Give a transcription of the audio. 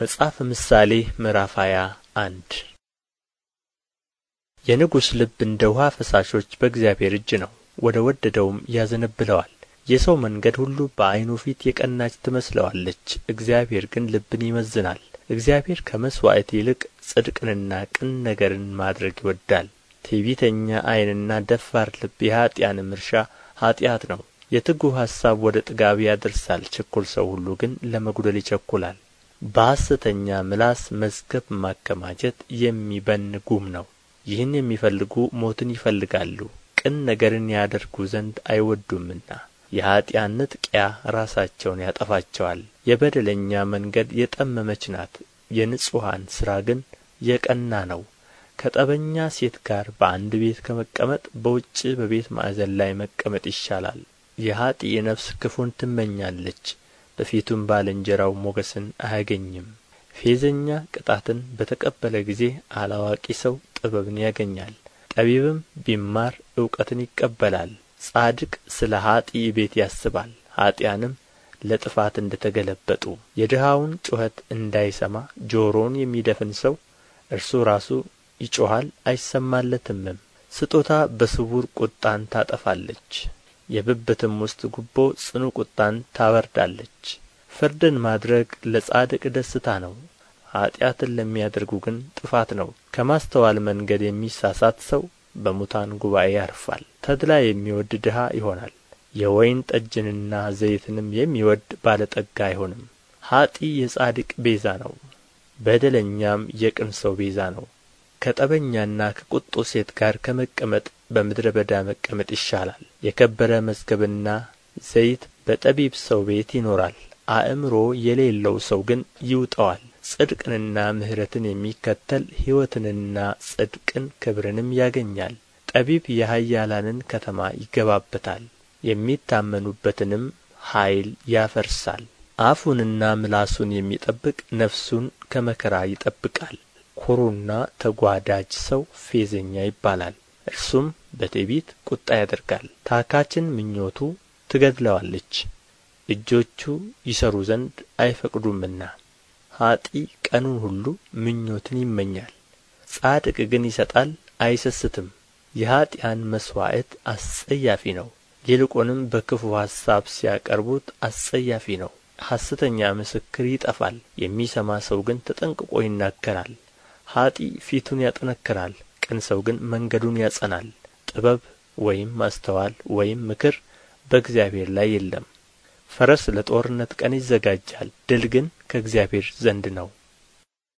መጽሐፈ ምሳሌ ምዕራፍ ሃያ አንድ የንጉሥ ልብ እንደ ውሃ ፈሳሾች በእግዚአብሔር እጅ ነው፣ ወደ ወደደውም ያዘነብለዋል። የሰው መንገድ ሁሉ በአይኑ ፊት የቀናች ትመስለዋለች፣ እግዚአብሔር ግን ልብን ይመዝናል። እግዚአብሔር ከመሥዋዕት ይልቅ ጽድቅንና ቅን ነገርን ማድረግ ይወዳል። ትዕቢተኛ አይንና ደፋር ልብ የኀጢአንም እርሻ ኀጢአት ነው። የትጉህ ሐሳብ ወደ ጥጋብ ያደርሳል፣ ችኩል ሰው ሁሉ ግን ለመጉደል ይቸኩላል። በሐሰተኛ ምላስ መዝገብ ማከማቸት የሚበን ጉም ነው ይህን የሚፈልጉ ሞትን ይፈልጋሉ ቅን ነገርን ያደርጉ ዘንድ አይወዱምና የኀጥኣን ንጥቂያ ራሳቸውን ያጠፋቸዋል የበደለኛ መንገድ የጠመመች ናት የንጹሐን ሥራ ግን የቀና ነው ከጠበኛ ሴት ጋር በአንድ ቤት ከመቀመጥ በውጭ በቤት ማዕዘን ላይ መቀመጥ ይሻላል የኀጥእ ነፍስ ክፉን ትመኛለች በፊቱም ባልንጀራው ሞገስን አያገኝም ፌዘኛ ቅጣትን በተቀበለ ጊዜ አላዋቂ ሰው ጥበብን ያገኛል ጠቢብም ቢማር እውቀትን ይቀበላል ጻድቅ ስለ ኀጥእ ቤት ያስባል ኀጢያንም ለጥፋት እንደ ተገለበጡ የድሃውን ጩኸት እንዳይሰማ ጆሮውን የሚደፍን ሰው እርሱ ራሱ ይጮኻል አይሰማለትምም ስጦታ በስውር ቁጣን ታጠፋለች የብብትም ውስጥ ጉቦ ጽኑ ቁጣን ታበርዳለች ፍርድን ማድረግ ለጻድቅ ደስታ ነው ኃጢአትን ለሚያደርጉ ግን ጥፋት ነው ከማስተዋል መንገድ የሚሳሳት ሰው በሙታን ጉባኤ ያርፋል ተድላ የሚወድ ድሃ ይሆናል የወይን ጠጅንና ዘይትንም የሚወድ ባለጠጋ አይሆንም ኀጢ የጻድቅ ቤዛ ነው በደለኛም የቅን ሰው ቤዛ ነው ከጠበኛና ከቁጡ ሴት ጋር ከመቀመጥ በምድረ በዳ መቀመጥ ይሻላል የከበረ መዝገብና ዘይት በጠቢብ ሰው ቤት ይኖራል አእምሮ የሌለው ሰው ግን ይውጠዋል ጽድቅንና ምሕረትን የሚከተል ሕይወትንና ጽድቅን ክብርንም ያገኛል ጠቢብ የኃያላንን ከተማ ይገባበታል የሚታመኑበትንም ኃይል ያፈርሳል አፉንና ምላሱን የሚጠብቅ ነፍሱን ከመከራ ይጠብቃል ኵሩና ተጓዳጅ ሰው ፌዘኛ ይባላል እርሱም በትዕቢት ቁጣ ያደርጋል ታካችን ምኞቱ ትገድለዋለች እጆቹ ይሰሩ ዘንድ አይፈቅዱምና ኀጢ ቀኑን ሁሉ ምኞትን ይመኛል ጻድቅ ግን ይሰጣል አይሰስትም የኀጢአን መሥዋዕት አስጸያፊ ነው ይልቁንም በክፉ ሐሳብ ሲያቀርቡት አስጸያፊ ነው ሐሰተኛ ምስክር ይጠፋል የሚሰማ ሰው ግን ተጠንቅቆ ይናገራል ኀጢ ፊቱን ያጠነክራል የጻድቅን ሰው ግን መንገዱን ያጸናል። ጥበብ ወይም ማስተዋል ወይም ምክር በእግዚአብሔር ላይ የለም። ፈረስ ለጦርነት ቀን ይዘጋጃል፣ ድል ግን ከእግዚአብሔር ዘንድ ነው።